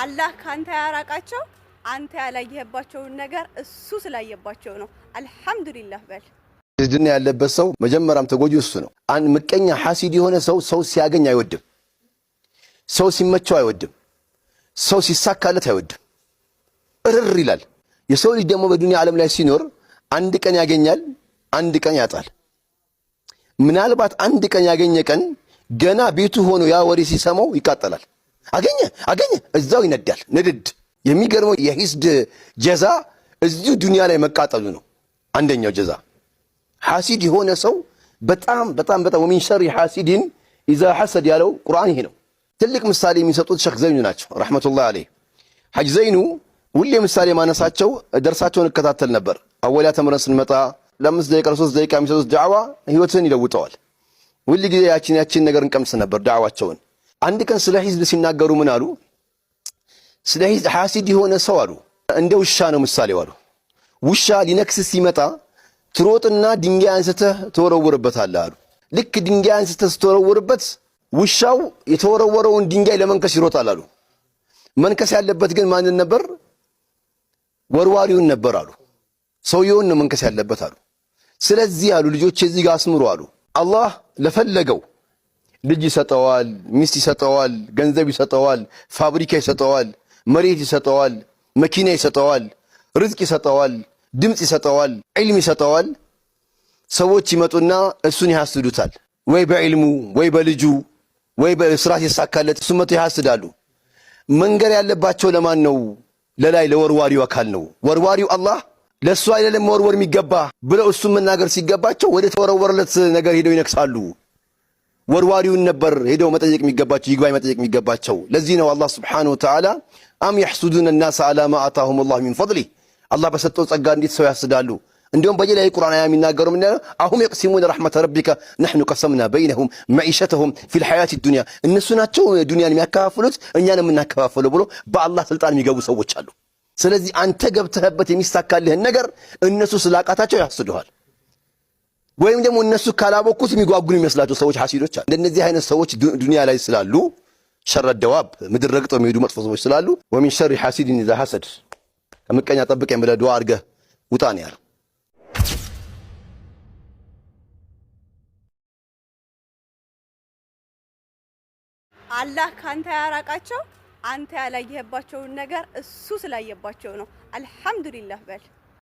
አላህ ካንተ ያራቃቸው አንተ ያላየህባቸውን ነገር እሱ ስላየባቸው ነው። አልሐምዱሊላህ በል። ዝድና ያለበት ሰው መጀመሪያም ተጎጂ እሱ ነው። አንድ ምቀኛ ሐሲድ የሆነ ሰው ሰው ሲያገኝ አይወድም። ሰው ሲመቸው አይወድም። ሰው ሲሳካለት አይወድም። እርር ይላል። የሰው ልጅ ደግሞ በዱንያ ዓለም ላይ ሲኖር አንድ ቀን ያገኛል፣ አንድ ቀን ያጣል። ምናልባት አንድ ቀን ያገኘ ቀን ገና ቤቱ ሆኖ ያ ወሬ ሲሰማው ይቃጠላል። አገኘ አገኘ እዛው ይነዳል። ንድድ የሚገርመው የሂስድ ጀዛ እዚሁ ዱንያ ላይ መቃጠሉ ነው። አንደኛው ጀዛ ሐሲድ የሆነ ሰው በጣም በጣም በጣም ወሚን ሸሪ ሐሲድን ኢዛ ሐሰድ ያለው ቁርአን ይሄ ነው። ትልቅ ምሳሌ የሚሰጡት ሸክ ዘይኑ ናቸው ረሕመቱላህ አለይህ። ሐጅ ዘይኑ ሁሌ ምሳሌ ማነሳቸው ደርሳቸውን እከታተል ነበር። አወላ ተምረን ስንመጣ ለአምስት ደቂቃ ለሶስት ደቂቃ የሚሰጡት ዳዕዋ ህይወትን ይለውጠዋል። ሁል ጊዜ ያችን ያችን ነገር እንቀምስ ነበር ዳዕዋቸውን አንድ ቀን ስለ ሂዝብ ሲናገሩ ምን አሉ? ስለ ሂዝብ ሐሲድ የሆነ ሰው አሉ እንደ ውሻ ነው ምሳሌው አሉ። ውሻ ሊነክስ ሲመጣ ትሮጥና ድንጋይ አንስተህ ትወረውርበታለህ አሉ። ልክ ድንጋይ አንስተህ ስትወረውርበት ውሻው የተወረወረውን ድንጋይ ለመንከስ ይሮጣል አሉ። መንከስ ያለበት ግን ማንን ነበር? ወርዋሪውን ነበር አሉ። ሰውየውን ነው መንከስ ያለበት አሉ። ስለዚህ አሉ ልጆች እዚህ ጋር አስምሩ አሉ አላህ ለፈለገው ልጅ ይሰጠዋል፣ ሚስት ይሰጠዋል፣ ገንዘብ ይሰጠዋል፣ ፋብሪካ ይሰጠዋል፣ መሬት ይሰጠዋል፣ መኪና ይሰጠዋል፣ ርዝቅ ይሰጠዋል፣ ድምፅ ይሰጠዋል፣ ዒልም ይሰጠዋል። ሰዎች ይመጡና እሱን ያስዱታል። ወይ በዒልሙ ወይ በልጁ ወይ በስራት የሳካለት እሱ መቶ ያስዳሉ። መንገር ያለባቸው ለማን ነው? ለላይ ለወርዋሪው አካል ነው። ወርዋሪው አላህ ለእሱ አይደለም መወርወር የሚገባ ብለው እሱ መናገር ሲገባቸው ወደ ተወረወረለት ነገር ሄደው ይነክሳሉ። ወርዋሪውን ነበር ሄደው መጠየቅ የሚገባቸው ይግባኝ መጠየቅ የሚገባቸው። ለዚህ ነው አላህ ሱብሓነሁ ወተዓላ አም የሕሱዱነ ናስ አላ ማ አታሁም ላሁ ሚን ፈድሊህ አላህ በሰጠው ጸጋ እንዴት ሰው ያስዳሉ። እንዲሁም በሌላ ቁርአን አያ የሚናገሩ ምንድን ነው? አሁም የቅሲሙነ ረሕመተ ረቢከ ነሕኑ ቀሰምና በይነሁም መዒሸተሁም ፊል ሐያቲ ዱንያ እነሱ ናቸው ዱንያን የሚያከፋፍሉት እኛን የምናከፋፍለው ብሎ በአላህ ስልጣን የሚገቡ ሰዎች አሉ። ስለዚህ አንተ ገብተህበት የሚሳካልህን ነገር እነሱ ስላቃታቸው ያስድሃል። ወይም ደግሞ እነሱ ካላቦኩት የሚጓጉን የሚመስላቸው ሰዎች ሐሲዶች አሉ። እንደነዚህ አይነት ሰዎች ዱኒያ ላይ ስላሉ ሸረ ደዋብ ምድር ረግጠው የሚሄዱ መጥፎ ሰዎች ስላሉ ወሚን ሸሪ ሐሲድን ዛ ሐሰድ ከምቀኛ ጠብቀ የምለ ድዋ አድርገህ ውጣን ነው ያለው። አላህ ከአንተ ያራቃቸው አንተ ያላየህባቸውን ነገር እሱ ስላየባቸው ነው። አልሐምዱሊላህ በል።